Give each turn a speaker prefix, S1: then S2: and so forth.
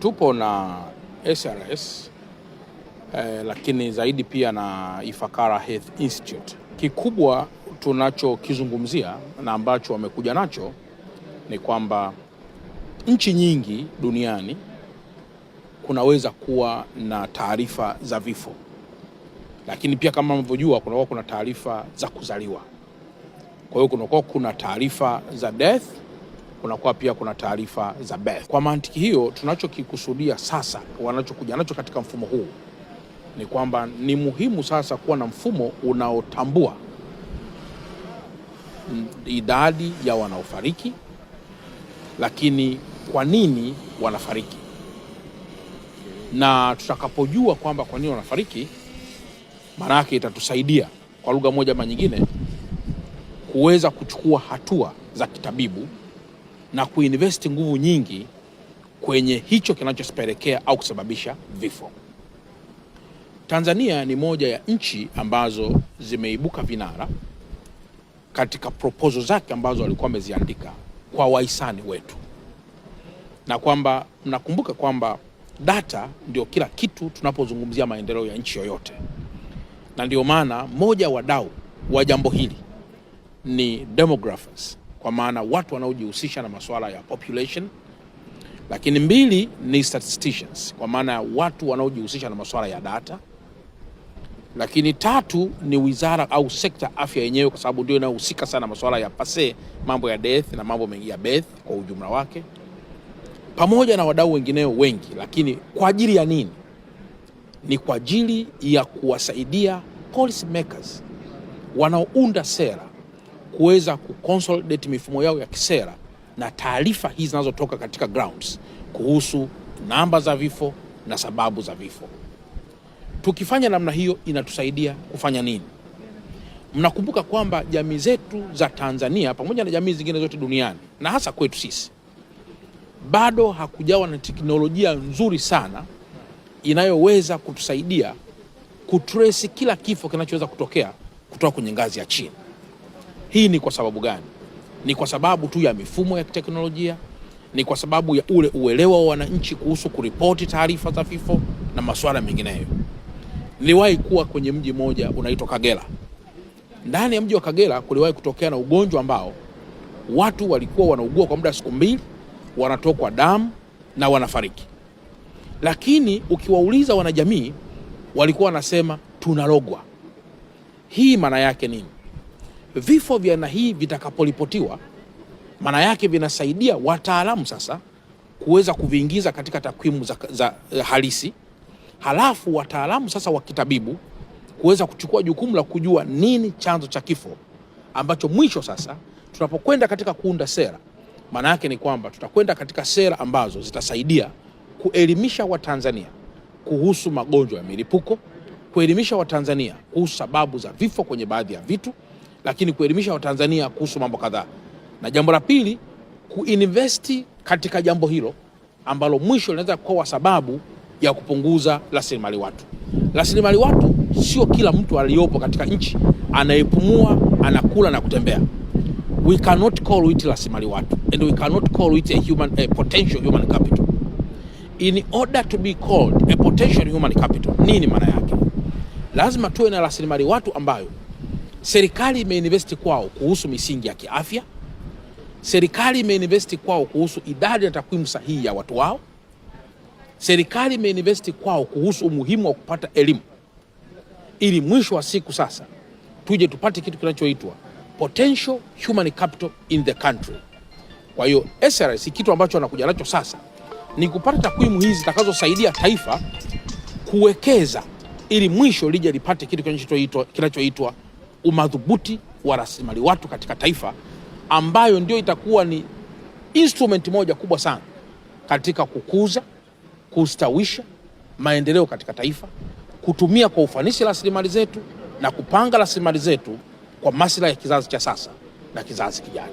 S1: Tupo na SRS eh, lakini zaidi pia na Ifakara Health Institute. Kikubwa tunachokizungumzia na ambacho wamekuja nacho ni kwamba nchi nyingi duniani kunaweza kuwa na taarifa za vifo, lakini pia kama mnavyojua kunakuwa kuna taarifa za kuzaliwa. Kwa hiyo kunakuwa kuna taarifa za death kunakuwa pia kuna taarifa za birth. Kwa mantiki hiyo, tunachokikusudia sasa, wanachokuja nacho katika mfumo huu ni kwamba ni muhimu sasa kuwa na mfumo unaotambua idadi ya wanaofariki, lakini kwa nini wanafariki, na tutakapojua kwamba kwa nini wanafariki, maana yake itatusaidia kwa lugha moja ama nyingine kuweza kuchukua hatua za kitabibu na kuinvesti nguvu nyingi kwenye hicho kinachopelekea au kusababisha vifo. Tanzania ni moja ya nchi ambazo zimeibuka vinara katika propozo zake ambazo walikuwa wameziandika kwa wahisani wetu, na kwamba mnakumbuka kwamba data ndio kila kitu tunapozungumzia maendeleo ya nchi yoyote, na ndio maana moja wadau wa jambo hili ni demographers kwa maana watu wanaojihusisha na masuala ya population, lakini mbili ni statisticians kwa maana ya watu wanaojihusisha na masuala ya data, lakini tatu ni wizara au sekta afya yenyewe, kwa sababu ndio inayohusika sana masuala ya pase, mambo ya death na mambo mengi ya birth kwa ujumla wake, pamoja na wadau wengineo wengi. Lakini kwa ajili ya nini? Ni kwa ajili ya kuwasaidia policy makers wanaounda sera kuweza kuconsolidate mifumo yao ya kisera na taarifa hizi zinazotoka katika grounds kuhusu namba za vifo na sababu za vifo. Tukifanya namna hiyo inatusaidia kufanya nini? Mnakumbuka kwamba jamii zetu za Tanzania pamoja na jamii zingine zote duniani na hasa kwetu sisi bado hakujawa na teknolojia nzuri sana inayoweza kutusaidia kutrace kila kifo kinachoweza kutokea kutoka kwenye ngazi ya chini. Hii ni kwa sababu gani? Ni kwa sababu tu ya mifumo ya teknolojia, ni kwa sababu ya ule uelewa wa wananchi kuhusu kuripoti taarifa za vifo na masuala mengineyo. Niliwahi kuwa kwenye mji mmoja unaitwa Kagera. Ndani ya mji wa Kagera kuliwahi kutokea na ugonjwa ambao watu walikuwa wanaugua kwa muda wa siku mbili, wanatokwa damu na wanafariki, lakini ukiwauliza wanajamii walikuwa wanasema tunalogwa. Hii maana yake nini? vifo vya aina hii vitakapolipotiwa, maana yake vinasaidia wataalamu sasa kuweza kuviingiza katika takwimu za, za eh, halisi, halafu wataalamu sasa wa kitabibu kuweza kuchukua jukumu la kujua nini chanzo cha kifo ambacho mwisho sasa tunapokwenda katika kuunda sera, maana yake ni kwamba tutakwenda katika sera ambazo zitasaidia kuelimisha Watanzania kuhusu magonjwa ya milipuko, kuelimisha Watanzania kuhusu sababu za vifo kwenye baadhi ya vitu lakini kuelimisha Watanzania kuhusu mambo kadhaa, na jambo la pili kuinvesti katika jambo hilo ambalo mwisho linaweza kuwa sababu ya kupunguza rasilimali watu. Rasilimali watu sio kila mtu aliyopo katika nchi anayepumua, anakula na kutembea. We cannot call it rasilimali watu and we cannot call it a human, a potential human capital. In order to be called a potential human capital, nini maana yake? Lazima tuwe na rasilimali watu ambayo serikali imeinvesti kwao kuhusu misingi ya kiafya, serikali imeinvesti kwao kuhusu idadi na takwimu sahihi ya watu wao, serikali imeinvesti kwao kuhusu umuhimu wa kupata elimu, ili mwisho wa siku sasa tuje tupate kitu kinachoitwa potential human capital in the country. Kwa hiyo SRS kitu ambacho anakuja nacho sasa ni kupata takwimu hizi zitakazosaidia taifa kuwekeza ili mwisho lije lipate kitu kinachoitwa kinachoitwa umadhubuti wa rasilimali watu katika taifa ambayo ndio itakuwa ni instrument moja kubwa sana katika kukuza, kustawisha maendeleo katika taifa, kutumia kwa ufanisi rasilimali zetu na kupanga rasilimali zetu kwa maslahi ya kizazi cha sasa na kizazi kijacho.